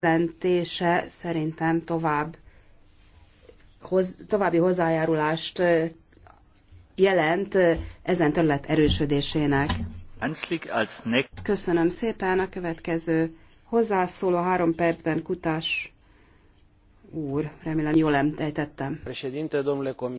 jelentése szerintem tovább, hoz, további hozzájárulást jelent ezen terület erősödésének. Köszönöm szépen a következő hozzászóló három percben kutás úr, remélem jól említettem.